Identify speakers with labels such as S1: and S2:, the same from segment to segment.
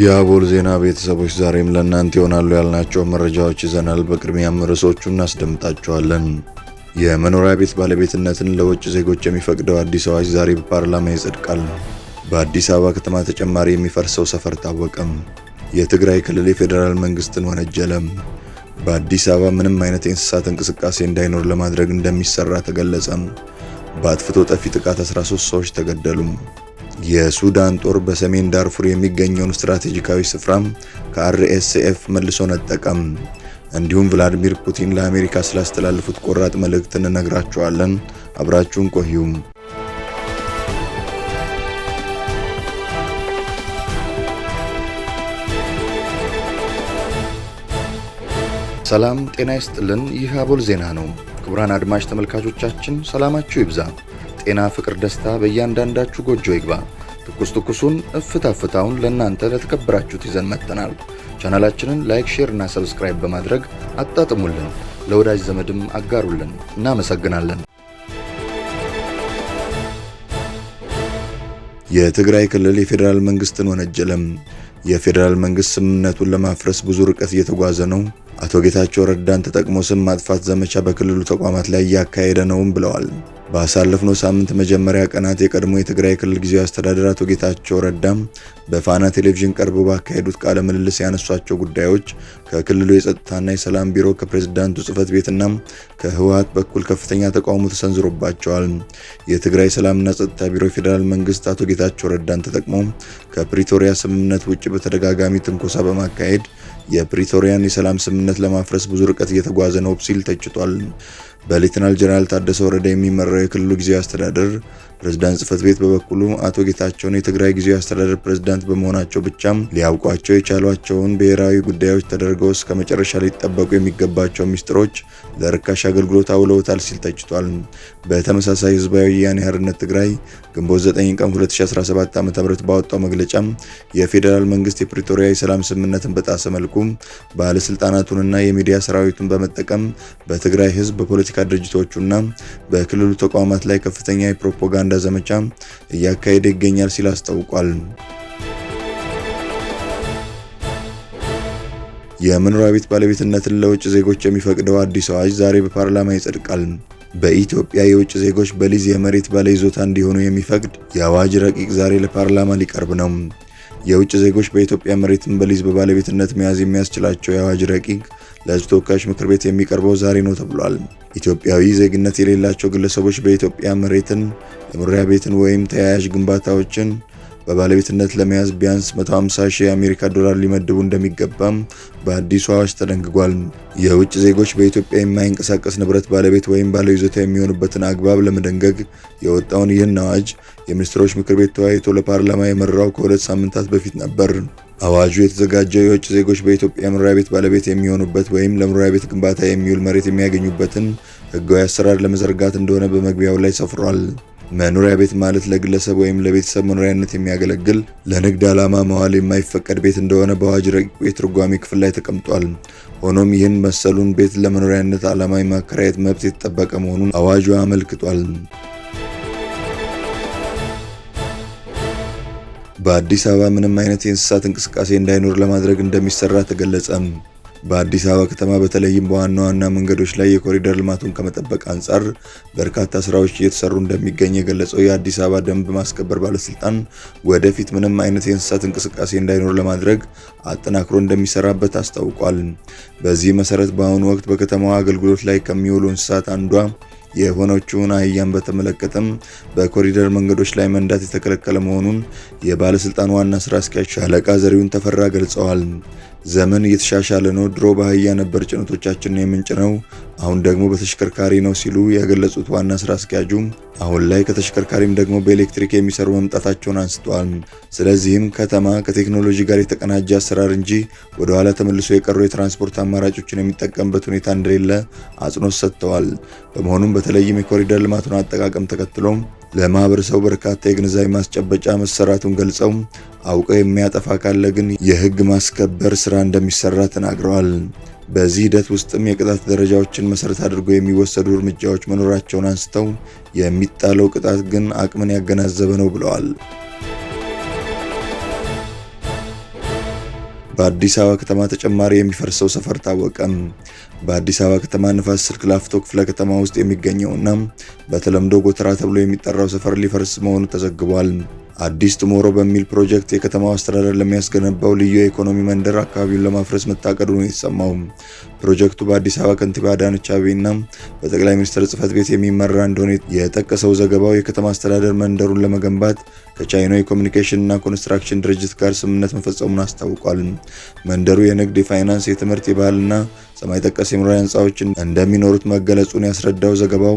S1: የአቦል ዜና ቤተሰቦች ዛሬም ለእናንተ ይሆናሉ ያልናቸው መረጃዎች ይዘናል። በቅድሚያም ርዕሶቹ እናስደምጣቸዋለን። የመኖሪያ ቤት ባለቤትነትን ለውጭ ዜጎች የሚፈቅደው አዲስ አዋጅ ዛሬ በፓርላማ ይጸድቃል። በአዲስ አበባ ከተማ ተጨማሪ የሚፈርሰው ሰፈር ታወቀም። የትግራይ ክልል የፌዴራል መንግስትን ወነጀለም። በአዲስ አበባ ምንም አይነት የእንስሳት እንቅስቃሴ እንዳይኖር ለማድረግ እንደሚሰራ ተገለጸም። በአጥፍቶ ጠፊ ጥቃት 13 ሰዎች ተገደሉም። የሱዳን ጦር በሰሜን ዳርፉር የሚገኘውን ስትራቴጂካዊ ስፍራም ከአርኤስኤፍ መልሶ ነጠቀም። እንዲሁም ቭላዲሚር ፑቲን ለአሜሪካ ስላስተላለፉት ቆራጥ መልእክት እንነግራችኋለን። አብራችሁን ቆዩም።
S2: ሰላም ጤና ይስጥልን። ይህ አቦል ዜና ነው። ክቡራን አድማጭ ተመልካቾቻችን ሰላማችሁ ይብዛ፣ ጤና፣ ፍቅር፣ ደስታ በእያንዳንዳችሁ ጎጆ ይግባ። ትኩስ ትኩሱን እፍታ ፍታውን ለእናንተ ለተከበራችሁት ይዘን መጥተናል። ቻናላችንን ላይክ፣ ሼር እና ሰብስክራይብ በማድረግ አጣጥሙልን፣ ለወዳጅ ዘመድም አጋሩልን። እናመሰግናለን።
S1: የትግራይ ክልል የፌዴራል መንግስትን ወነጀለም። የፌዴራል መንግስት ስምምነቱን ለማፍረስ ብዙ ርቀት እየተጓዘ ነው። አቶ ጌታቸው ረዳን ተጠቅሞ ስም ማጥፋት ዘመቻ በክልሉ ተቋማት ላይ እያካሄደ ነውም ብለዋል። ባሳለፍነው ሳምንት መጀመሪያ ቀናት የቀድሞ የትግራይ ክልል ጊዜያዊ አስተዳደር አቶ ጌታቸው ረዳም በፋና ቴሌቪዥን ቀርበው ባካሄዱት ቃለ ምልልስ ያነሷቸው ጉዳዮች ከክልሉ የጸጥታና የሰላም ቢሮ ከፕሬዝዳንቱ ጽህፈት ቤትና ከህወሀት በኩል ከፍተኛ ተቃውሞ ተሰንዝሮባቸዋል። የትግራይ ሰላምና ጸጥታ ቢሮ የፌዴራል መንግስት አቶ ጌታቸው ረዳን ተጠቅሞ ከፕሪቶሪያ ስምምነት ውጭ በተደጋጋሚ ትንኮሳ በማካሄድ የፕሪቶሪያን የሰላም ስምምነት ለማፍረስ ብዙ ርቀት እየተጓዘ ነው ሲል ተችቷል። በሌትናል ጀነራል ታደሰ ወረደ የሚመራው የክልሉ ጊዜያዊ አስተዳደር ፕሬዝዳንት ጽህፈት ቤት በበኩሉ አቶ ጌታቸውን የትግራይ ጊዜያዊ አስተዳደር ፕሬዝዳንት በመሆናቸው ብቻም ሊያውቋቸው የቻሏቸውን ብሔራዊ ጉዳዮች ተደርገው እስከ መጨረሻ ሊጠበቁ የሚገባቸው ሚስጥሮች ለርካሽ አገልግሎት አውለውታል ሲል ተችቷል። በተመሳሳይ ህዝባዊ ወያኔ ሓርነት ትግራይ ግንቦት 9 ቀን 2017 ም ባወጣው መግለጫም የፌዴራል መንግስት የፕሪቶሪያ የሰላም ስምምነትን በጣሰ መልኩ ባለስልጣናቱንና የሚዲያ ሰራዊቱን በመጠቀም በትግራይ ህዝብ በፖለቲ በፖለቲካ ድርጅቶቹና በክልሉ ተቋማት ላይ ከፍተኛ የፕሮፓጋንዳ ዘመቻ እያካሄደ ይገኛል ሲል አስታውቋል። የመኖሪያ ቤት ባለቤትነትን ለውጭ ዜጎች የሚፈቅደው አዲስ አዋጅ ዛሬ በፓርላማ ይጸድቃል። በኢትዮጵያ የውጭ ዜጎች በሊዝ የመሬት ባለይዞታ እንዲሆኑ የሚፈቅድ የአዋጅ ረቂቅ ዛሬ ለፓርላማ ሊቀርብ ነው። የውጭ ዜጎች በኢትዮጵያ መሬትን በሊዝ በባለቤትነት መያዝ የሚያስችላቸው የአዋጅ ረቂቅ ለሕዝብ ተወካዮች ምክር ቤት የሚቀርበው ዛሬ ነው ተብሏል። ኢትዮጵያዊ ዜግነት የሌላቸው ግለሰቦች በኢትዮጵያ መሬትን፣ የመኖሪያ ቤትን ወይም ተያያዥ ግንባታዎችን በባለቤትነት ለመያዝ ቢያንስ 150 ሺህ የአሜሪካ ዶላር ሊመድቡ እንደሚገባም በአዲሱ አዋጅ ተደንግጓል። የውጭ ዜጎች በኢትዮጵያ የማይንቀሳቀስ ንብረት ባለቤት ወይም ባለይዞታ የሚሆኑበትን አግባብ ለመደንገግ የወጣውን ይህን አዋጅ የሚኒስትሮች ምክር ቤት ተወያይቶ ለፓርላማ የመራው ከሁለት ሳምንታት በፊት ነበር። አዋጁ የተዘጋጀው የውጭ ዜጎች በኢትዮጵያ መኖሪያ ቤት ባለቤት የሚሆኑበት ወይም ለመኖሪያ ቤት ግንባታ የሚውል መሬት የሚያገኙበትን ህጋዊ አሰራር ለመዘርጋት እንደሆነ በመግቢያው ላይ ሰፍሯል። መኖሪያ ቤት ማለት ለግለሰብ ወይም ለቤተሰብ መኖሪያነት የሚያገለግል ለንግድ ዓላማ መዋል የማይፈቀድ ቤት እንደሆነ በአዋጅ ረቂቁ የትርጓሜ ክፍል ላይ ተቀምጧል። ሆኖም ይህን መሰሉን ቤት ለመኖሪያነት ዓላማ የማከራየት መብት የተጠበቀ መሆኑን አዋጁ አመልክቷል። በአዲስ አበባ ምንም አይነት የእንስሳት እንቅስቃሴ እንዳይኖር ለማድረግ እንደሚሰራ ተገለጸም። በአዲስ አበባ ከተማ በተለይም በዋና ዋና መንገዶች ላይ የኮሪደር ልማቱን ከመጠበቅ አንጻር በርካታ ስራዎች እየተሰሩ እንደሚገኝ የገለጸው የአዲስ አበባ ደንብ ማስከበር ባለስልጣን ወደፊት ምንም አይነት የእንስሳት እንቅስቃሴ እንዳይኖር ለማድረግ አጠናክሮ እንደሚሰራበት አስታውቋል። በዚህ መሰረት በአሁኑ ወቅት በከተማዋ አገልግሎት ላይ ከሚውሉ እንስሳት አንዷ የሆነችውን አህያን በተመለከተም በኮሪደር መንገዶች ላይ መንዳት የተከለከለ መሆኑን የባለስልጣን ዋና ስራ አስኪያጅ ሻለቃ ዘሪሁን ተፈራ ገልጸዋል። ዘመን እየተሻሻለ ነው። ድሮ በአህያ ነበር ጭነቶቻችንን የምንጭነው፣ አሁን ደግሞ በተሽከርካሪ ነው ሲሉ የገለጹት ዋና ስራ አስኪያጁም አሁን ላይ ከተሽከርካሪም ደግሞ በኤሌክትሪክ የሚሰሩ መምጣታቸውን አንስተዋል። ስለዚህም ከተማ ከቴክኖሎጂ ጋር የተቀናጀ አሰራር እንጂ ወደ ኋላ ተመልሶ የቀሩ የትራንስፖርት አማራጮችን የሚጠቀምበት ሁኔታ እንደሌለ አጽንኦት ሰጥተዋል። በመሆኑም በተለይም የኮሪደር ልማቱን አጠቃቀም ተከትሎም ለማህበረሰቡ በርካታ የግንዛቤ ማስጨበጫ መሰራቱን ገልጸው አውቀው የሚያጠፋ ካለ ግን የህግ ማስከበር ስራ እንደሚሰራ ተናግረዋል። በዚህ ሂደት ውስጥም የቅጣት ደረጃዎችን መሰረት አድርጎ የሚወሰዱ እርምጃዎች መኖራቸውን አንስተው የሚጣለው ቅጣት ግን አቅምን ያገናዘበ ነው ብለዋል። በአዲስ አበባ ከተማ ተጨማሪ የሚፈርሰው ሰፈር ታወቀም። በአዲስ አበባ ከተማ ንፋስ ስልክ ላፍቶ ክፍለ ከተማ ውስጥ የሚገኘውና በተለምዶ ጎተራ ተብሎ የሚጠራው ሰፈር ሊፈርስ መሆኑ ተዘግቧል። አዲስ ጥሞሮ በሚል ፕሮጀክት የከተማው አስተዳደር ለሚያስገነባው ልዩ የኢኮኖሚ መንደር አካባቢውን ለማፍረስ መታቀዱ ነው የተሰማው። ፕሮጀክቱ በአዲስ አበባ ከንቲባ አዳነች አቤቤና በጠቅላይ ሚኒስትር ጽህፈት ቤት የሚመራ እንደሆነ የጠቀሰው ዘገባው የከተማ አስተዳደር መንደሩን ለመገንባት ከቻይና እና ኮንስትራክሽን ድርጅት ጋር ስምምነት መፈጸሙን አስታውቋል። መንደሩ የንግድ፣ የፋይናንስ፣ የትምህርት፣ የባህልና ሰማይ ጠቀስ የመኖሪያ ህንፃዎች እንደሚኖሩት መገለጹን ያስረዳው ዘገባው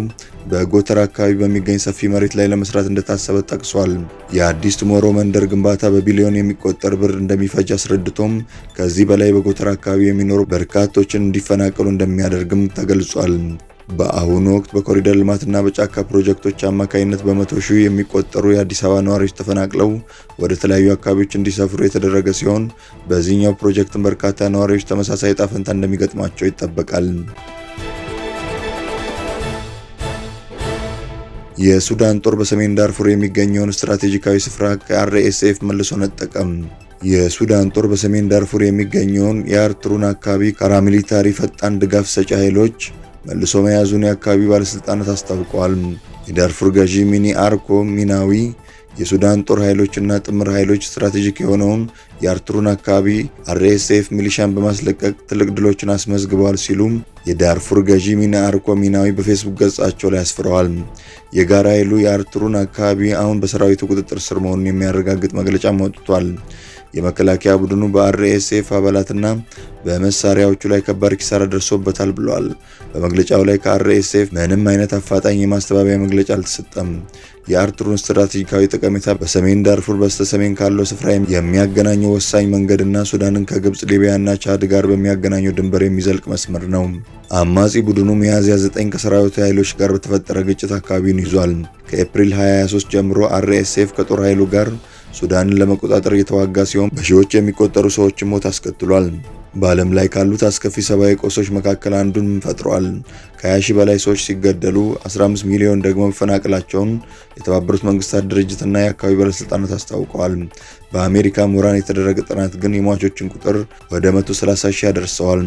S1: በጎተራ አካባቢ በሚገኝ ሰፊ መሬት ላይ ለመስራት እንደታሰበ ጠቅሷል። የአዲስ ቱሞሮ መንደር ግንባታ በቢሊዮን የሚቆጠር ብር እንደሚፈጅ አስረድቶም ከዚህ በላይ በጎተራ አካባቢ የሚኖሩ በርካቶችን እንዲፈናቀሉ እንደሚያደርግም ተገልጿል። በአሁኑ ወቅት በኮሪደር ልማትና በጫካ ፕሮጀክቶች አማካኝነት በመቶ ሺህ የሚቆጠሩ የአዲስ አበባ ነዋሪዎች ተፈናቅለው ወደ ተለያዩ አካባቢዎች እንዲሰፍሩ የተደረገ ሲሆን በዚህኛው ፕሮጀክትም በርካታ ነዋሪዎች ተመሳሳይ እጣ ፈንታ እንደሚገጥማቸው ይጠበቃል። የሱዳን ጦር በሰሜን ዳርፉር የሚገኘውን ስትራቴጂካዊ ስፍራ ከአርኤስኤፍ መልሶ ነጠቀም። የሱዳን ጦር በሰሜን ዳርፉር የሚገኘውን የአርትሩን አካባቢ ከፓራሚሊታሪ ፈጣን ድጋፍ ሰጪ ኃይሎች መልሶ መያዙን የአካባቢው ባለሥልጣናት አስታውቀዋል። የዳርፉር ገዢ ሚኒ አርኮ ሚናዊ የሱዳን ጦር ኃይሎችና ጥምር ኃይሎች ስትራቴጂክ የሆነውን የአርቱሩን አካባቢ አርኤስኤፍ ሚሊሻን በማስለቀቅ ትልቅ ድሎችን አስመዝግበዋል ሲሉም የዳርፉር ገዢ ሚኒ አርኮ ሚናዊ በፌስቡክ ገጻቸው ላይ አስፍረዋል። የጋራ ኃይሉ የአርቱሩን አካባቢ አሁን በሰራዊቱ ቁጥጥር ስር መሆኑን የሚያረጋግጥ መግለጫ መጥቷል። የመከላከያ ቡድኑ በአርኤስኤፍ አባላትና በመሳሪያዎቹ ላይ ከባድ ኪሳራ ደርሶበታል ብለዋል። በመግለጫው ላይ ከአርኤስኤፍ ምንም አይነት አፋጣኝ የማስተባበያ መግለጫ አልተሰጠም። የአርቱሩን ስትራቴጂካዊ ጠቀሜታ በሰሜን ዳርፉር በስተሰሜን ካለው ስፍራ የሚያገናኘው ወሳኝ መንገድና ሱዳንን ከግብፅ ሊቢያና ቻድ ጋር በሚያገናኘው ድንበር የሚዘልቅ መስመር ነው። አማጺ ቡድኑ ሚያዝያ 9 ከሰራዊቱ ኃይሎች ጋር በተፈጠረ ግጭት አካባቢውን ይዟል። ከኤፕሪል 23 ጀምሮ አርኤስኤፍ ከጦር ኃይሉ ጋር ሱዳንን ለመቆጣጠር እየተዋጋ ሲሆን በሺዎች የሚቆጠሩ ሰዎችን ሞት አስከትሏል። በዓለም ላይ ካሉት አስከፊ ሰብአዊ ቀውሶች መካከል አንዱን ፈጥሯል። ከ20 ሺህ በላይ ሰዎች ሲገደሉ 15 ሚሊዮን ደግሞ መፈናቀላቸውን የተባበሩት መንግስታት ድርጅትና የአካባቢ ባለስልጣናት አስታውቀዋል። በአሜሪካ ምሁራን የተደረገ ጥናት ግን የሟቾችን ቁጥር ወደ 130 ሺህ ያደርሰዋል።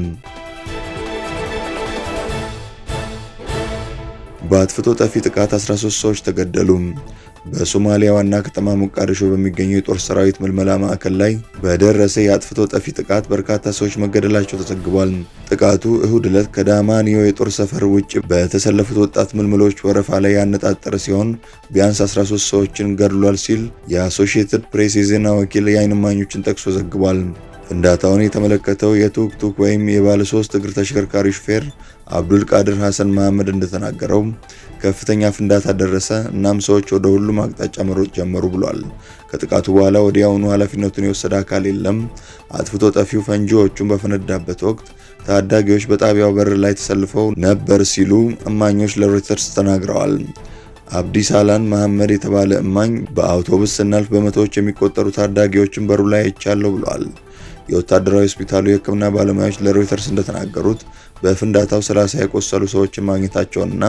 S1: በአጥፍቶ ጠፊ ጥቃት 13 ሰዎች ተገደሉ። በሶማሊያ ዋና ከተማ ሞቃዲሾ በሚገኘው የጦር ሰራዊት ምልመላ ማዕከል ላይ በደረሰ የአጥፍቶ ጠፊ ጥቃት በርካታ ሰዎች መገደላቸው ተዘግቧል። ጥቃቱ እሁድ ዕለት ከዳማኒዮ የጦር ሰፈር ውጭ በተሰለፉት ወጣት ምልምሎች ወረፋ ላይ ያነጣጠረ ሲሆን ቢያንስ 13 ሰዎችን ገድሏል ሲል የአሶሺየትድ ፕሬስ የዜና ወኪል የአይንማኞችን ጠቅሶ ዘግቧል። ፍንዳታውን የተመለከተው የቱክቱክ ወይም የባለ ሶስት እግር ተሽከርካሪ ሹፌር አብዱል ቃድር ሐሰን መሐመድ እንደተናገረው ከፍተኛ ፍንዳታ ደረሰ፣ እናም ሰዎች ወደ ሁሉም አቅጣጫ መሮጥ ጀመሩ ብሏል። ከጥቃቱ በኋላ ወዲያውኑ ኃላፊነቱን የወሰደ አካል የለም። አጥፍቶ ጠፊው ፈንጂዎቹን በፈነዳበት ወቅት ታዳጊዎች በጣቢያው በር ላይ ተሰልፈው ነበር ሲሉ እማኞች ለሮይተርስ ተናግረዋል። ሳላን መሐመድ የተባለ እማኝ በአውቶቡስ ስናልፍ በመቶዎች የሚቆጠሩ ታዳጊዎችን በሩ ላይ አይቻለሁ ብሏል። የወታደራዊ ሆስፒታሉ የህክምና ባለሙያዎች ለሮይተርስ እንደተናገሩት በፍንዳታው ሰላሳ የቆሰሉ ሰዎችን ማግኘታቸውንና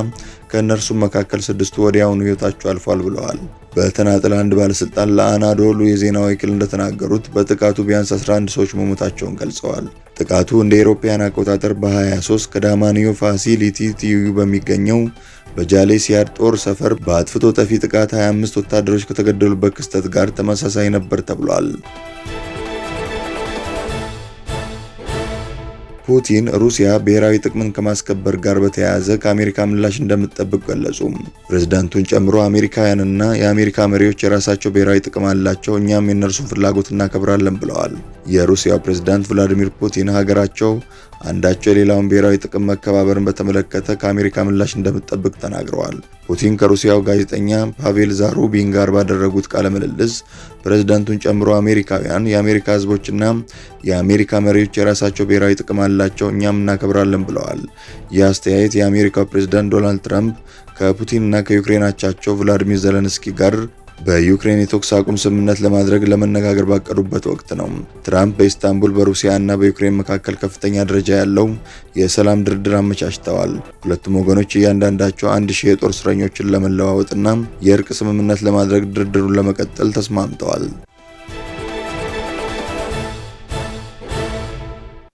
S1: ከእነርሱም መካከል ስድስቱ ወዲያውኑ ሕይወታቸው አልፏል ብለዋል። በተናጠል አንድ ባለስልጣን ለአናዶሉ የዜና ወኪል እንደተናገሩት በጥቃቱ ቢያንስ 11 ሰዎች መሞታቸውን ገልጸዋል። ጥቃቱ እንደ ኤሮፓያን አቆጣጠር በ23 ከዳማኒዮ ፋሲሊቲ ትይዩ በሚገኘው በጃሌ ሲያድ ጦር ሰፈር በአጥፍቶ ጠፊ ጥቃት 25 ወታደሮች ከተገደሉበት ክስተት ጋር ተመሳሳይ ነበር ተብሏል። ፑቲን ሩሲያ ብሔራዊ ጥቅምን ከማስከበር ጋር በተያያዘ ከአሜሪካ ምላሽ እንደምትጠብቅ ገለጹ። ፕሬዝዳንቱን ጨምሮ አሜሪካውያንና የአሜሪካ መሪዎች የራሳቸው ብሔራዊ ጥቅም አላቸው፣ እኛም የእነርሱን ፍላጎት እናከብራለን ብለዋል። የሩሲያው ፕሬዝዳንት ቭላዲሚር ፑቲን ሀገራቸው አንዳቸው የሌላውን ብሔራዊ ጥቅም መከባበርን በተመለከተ ከአሜሪካ ምላሽ እንደምትጠብቅ ተናግረዋል። ፑቲን ከሩሲያው ጋዜጠኛ ፓቬል ዛሩቢን ጋር ባደረጉት ቃለ ምልልስ ፕሬዝዳንቱን ጨምሮ አሜሪካውያን፣ የአሜሪካ ህዝቦችና የአሜሪካ መሪዎች የራሳቸው ብሔራዊ ጥቅም አላቸው፣ እኛም እናከብራለን ብለዋል። ይህ አስተያየት የአሜሪካው ፕሬዝዳንት ዶናልድ ትራምፕ ከፑቲንና ከዩክሬን አቻቸው ቭላዲሚር ዘለንስኪ ጋር በዩክሬን የተኩስ አቁም ስምምነት ለማድረግ ለመነጋገር ባቀዱበት ወቅት ነው። ትራምፕ በኢስታንቡል በሩሲያ እና በዩክሬን መካከል ከፍተኛ ደረጃ ያለው የሰላም ድርድር አመቻችተዋል። ሁለቱም ወገኖች እያንዳንዳቸው አንድ ሺህ የጦር እስረኞችን ለመለዋወጥና የእርቅ ስምምነት ለማድረግ ድርድሩን ለመቀጠል ተስማምተዋል።